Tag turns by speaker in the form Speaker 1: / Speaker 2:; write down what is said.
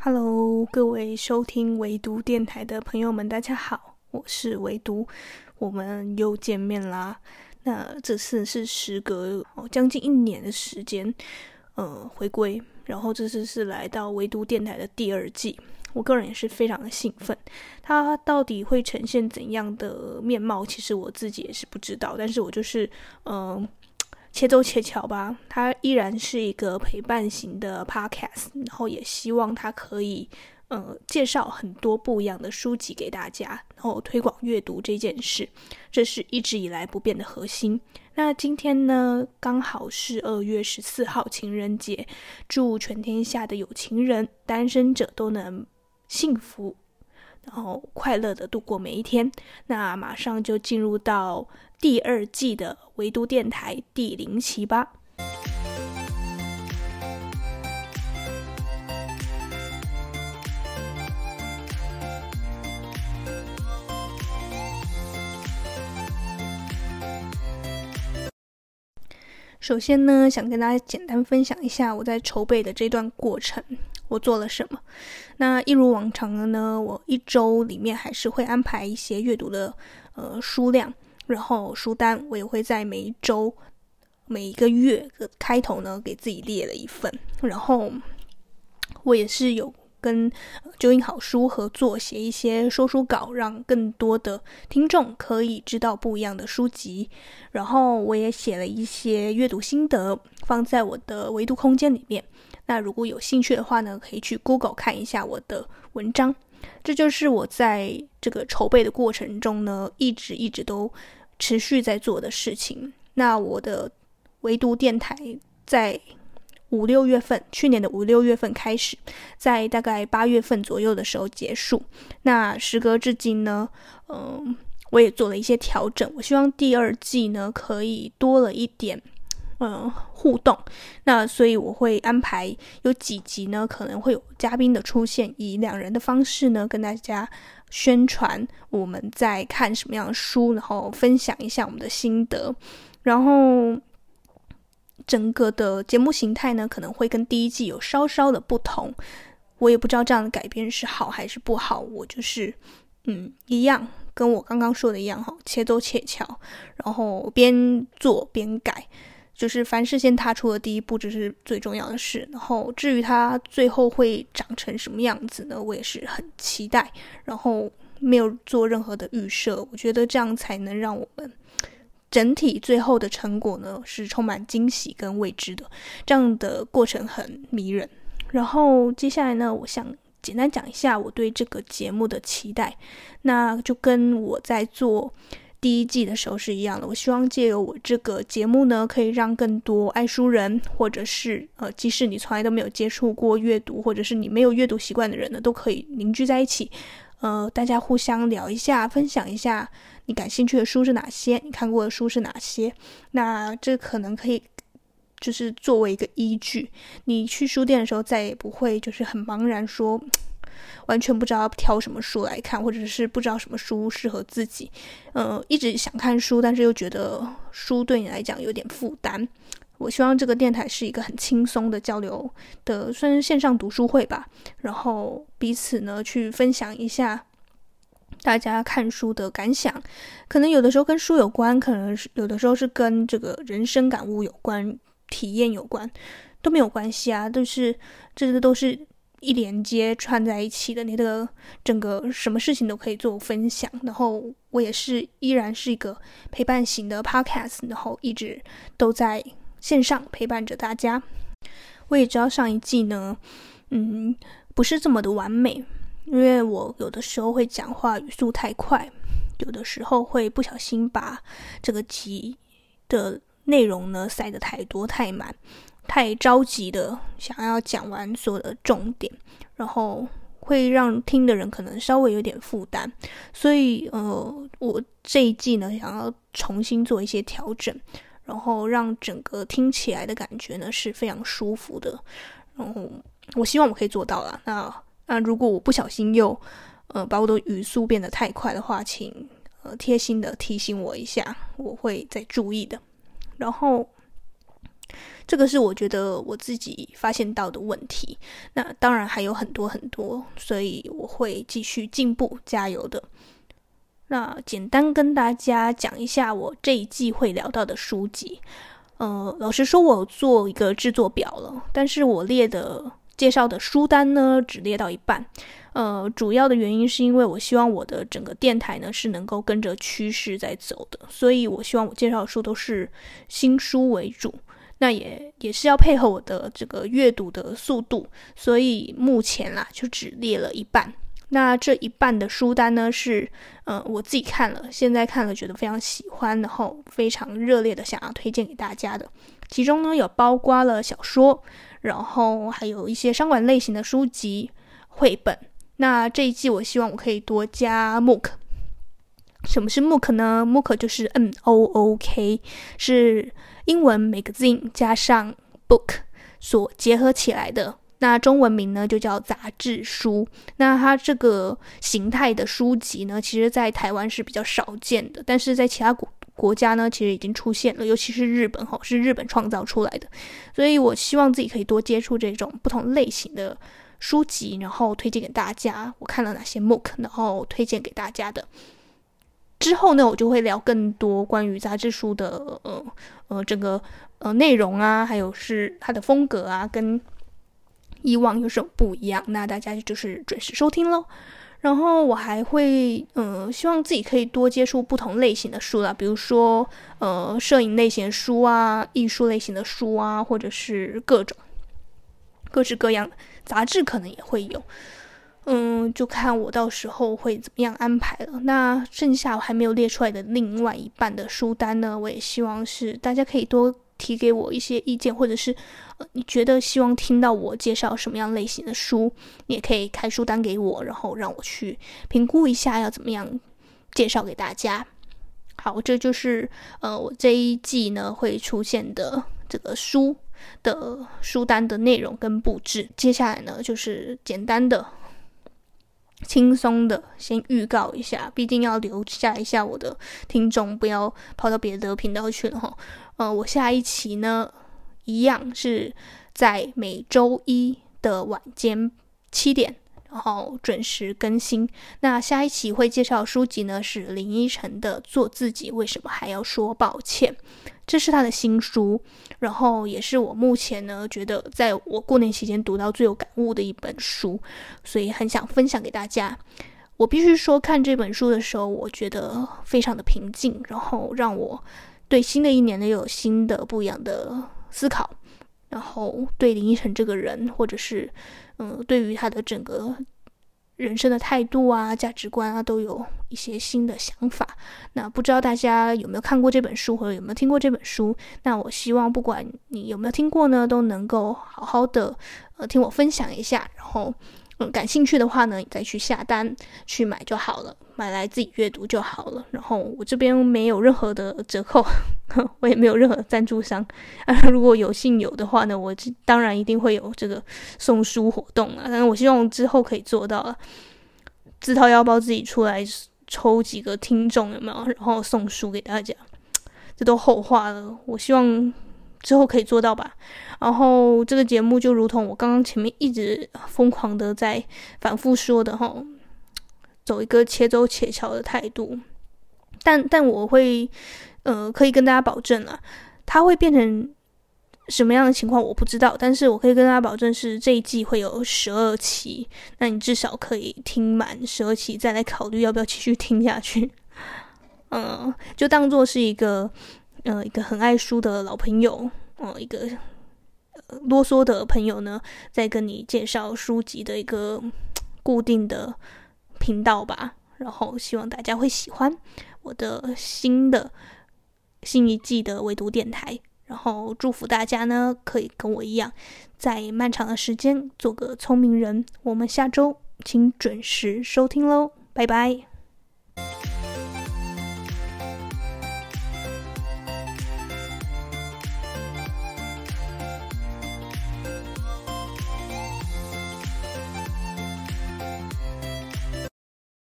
Speaker 1: Hello，各位收聽微讀電台的朋友們，大家好，我是微讀，我們又見面啦。那這次是時隔哦將近一年的時間，呃，回歸，然後這次是來到微讀電台的第二季，我個人也是非常的興奮。它到底會呈現怎樣的面貌？其實我自己也是不知道，但是我就是嗯。呃切都切巧吧，它依然是一個陪伴型的 podcast，然後也希望它可以嗯、呃、介紹很多不一樣的書籍給大家，然後推廣閱讀這件事，這是一直以來不變的核心。那今天呢，剛好是二月十四號情人節，祝全天下的有情人、單身者都能幸福，然後快樂地度過每一天。那馬上就進入到。第二季的微讀電台第零七八。首先呢，想跟大家簡單分享一下我在籌備的這段過程，我做了什麼。那一如往常的呢，我一周裡面還是會安排一些閱讀的呃書量。然後書單我也會在每一週、每一個月的開頭呢，給自己列了一份。然後我也是有跟九印好書合作，寫一些說書稿，讓更多的聽眾可以知道不一樣的書籍。然後我也寫了一些閱讀心得，放在我的微讀空間裡面。那如果有興趣的話呢，可以去 Google 看一下我的文章。這就是我在這個籌備的過程中呢，一直一直都持續在做的事情。那我的微讀電台在五六月份，去年的五六月份開始，在大概八月份左右的時候結束。那時隔至今呢，嗯、呃，我也做了一些調整。我希望第二季呢，可以多了一點。嗯，互動。那所以我會安排有幾集呢，可能會有嘉賓的出現，以兩人的方式呢，跟大家宣傳我們在看什麼樣的書，然後分享一下我們的心得。然後整個的節目形態呢，可能會跟第一季有稍稍的不同。我也不知道這樣的改變是好還是不好，我就是，嗯，一樣，跟我剛剛說的一樣哈，且走且瞧，然後邊做邊改。就是凡事先踏出的第一步，這是最重要的事。然後至於它最後會長成什麼樣子呢？我也是很期待。然後沒有做任何的預設，我覺得這樣才能讓我們整體最後的成果呢，是充滿驚喜跟未知的。這樣的過程很迷人。然後接下來呢，我想簡單講一下我對這個節目的期待，那就跟我在做。第一季的時候是一樣的。我希望借由我這個節目呢，可以讓更多愛書人，或者是呃，即使你從來都沒有接觸過閱讀，或者是你沒有閱讀習慣的人呢，都可以凝聚在一起，呃，大家互相聊一下，分享一下你感興趣的書是哪些，你看過的書是哪些。那這可能可以就是作為一個依據，你去書店的時候再也不會就是很茫然說。完全不知道挑什麼書來看，或者是不知道什麼書適合自己，嗯、呃，一直想看書，但是又覺得書對你來講有點負擔。我希望這個電台是一個很輕鬆的交流的，算是線上讀書會吧，然後彼此呢去分享一下大家看書的感想，可能有的時候跟書有關，可能是有的時候是跟這個人生感悟有關、體驗有關，都沒有關係啊，但是這些都是。一連接串在一起的那個，整個什麼事情都可以做分享。然後我也是依然是一個陪伴型的 podcast，然後一直都在線上陪伴着大家。我也知道上一季呢，嗯，不是這麼的完美，因為我有的時候會講話語速太快，有的時候會不小心把這個集的內容呢塞得太多太滿。太着急的想要講完所有的重點，然後會讓聽的人可能稍微有點負擔，所以呃，我這一季呢想要重新做一些調整，然後讓整個聽起來的感覺呢是非常舒服的，然後我希望我可以做到了。那那如果我不小心又呃把我的語速變得太快的話，請呃貼心的提醒我一下，我會再注意的。然後。這個是我覺得我自己發現到的問題，那當然還有很多很多，所以我會繼續進步加油的。那簡單跟大家講一下我這一季會聊到的書籍，呃，老實說，我做一個製作表了，但是我列的介紹的書單呢，只列到一半。呃，主要的原因是因為我希望我的整個電台呢是能夠跟着趨勢在走的，所以我希望我介紹的書都是新書為主。那也也是要配合我的這個閱讀的速度，所以目前啦，就只列了一半。那這一半的書單呢是，呃、嗯，我自己看了，現在看了覺得非常喜歡，然後非常熱烈的想要推薦給大家的。其中呢有包括了小說，然後還有一些商管類型的書籍、繪本。那這一季我希望我可以多加 Mook。什麼是 Mook 呢？Mook 就是 M-O-O-K，是英文 magazine 加上 book 所結合起來的。那中文名呢就叫雜誌書。那它這個形態的書籍呢，其實，在台灣是比較少見的，但是在其他國國家呢，其實已經出現了，尤其是日本吼、哦，是日本創造出來的。所以我希望自己可以多接觸這種不同類型的書籍，然後推薦給大家。我看了哪些 Mook，然後推薦給大家的。之後呢，我就會聊更多關於雜誌書的呃呃，這、呃、個呃內容啊，還有是它的風格啊，跟以往有什麼不一樣？那大家就是準時收聽咯。然後我還會嗯、呃，希望自己可以多接觸不同類型的書啦，比如說呃，攝影類型書啊，藝術類型的書啊，或者是各種各式各樣的雜誌，可能也會有。嗯，就看我到時候會怎麼樣安排了。那剩下我還沒有列出來的另外一半的書單呢，我也希望是大家可以多提給我一些意見，或者是，呃，你覺得希望聽到我介紹什麼樣類型的書，你也可以開書單給我，然後讓我去評估一下要怎麼樣介紹給大家。好，這就是呃我這一季呢會出現的這個書的書單的內容跟佈置。接下來呢就是簡單的。輕鬆的，先預告一下，畢竟要留下一下我的聽眾，不要跑到別的頻道去了哈。呃，我下一期呢，一樣是在每周一的晚間七點，然後準時更新。那下一期會介紹書籍呢，是林依晨的《做自己，為什麼還要說抱歉？》這是他的新書，然後也是我目前呢覺得在我過年期間讀到最有感悟的一本書，所以很想分享給大家。我必須說，看這本書的時候，我覺得非常的平靜，然後讓我對新的一年呢又有新的不一樣的思考，然後對林依晨這個人，或者是嗯，對於他的整個。人生的態度啊，價值觀啊，都有一些新的想法。那不知道大家有沒有看過這本書，或者有沒有聽過這本書？那我希望不管你有沒有聽過呢，都能夠好好的，呃，聽我分享一下，然後。嗯，感興趣的話呢，你再去下單去買就好了，買來自己閱讀就好了。然後我這邊沒有任何的折扣，呵我也沒有任何贊助商啊。如果有幸有的話呢，我當然一定會有這個送書活動啊。但是我希望之後可以做到啊，自掏腰包自己出來抽幾個聽眾有沒有，然後送書給大家。這都後話了，我希望。之後可以做到吧？然後這個節目就如同我剛剛前面一直瘋狂的在反覆說的吼，走一個且走且瞧的態度。但但我會呃，可以跟大家保證啊，它會變成什麼樣的情況我不知道。但是我可以跟大家保證是這一季會有十二期，那你至少可以聽滿十二期，再來考慮要不要繼續聽下去。嗯，呃，就當做是一個。呃，一個很愛書的老朋友，呃，一個、呃、囉嗦的朋友呢，在跟你介紹書籍的一個固定的頻道吧。然後希望大家會喜歡我的新的新一季的微讀電台。然後祝福大家呢，可以跟我一樣，在漫長的時間做個聰明人。我們下周請準時收聽嘍，拜拜。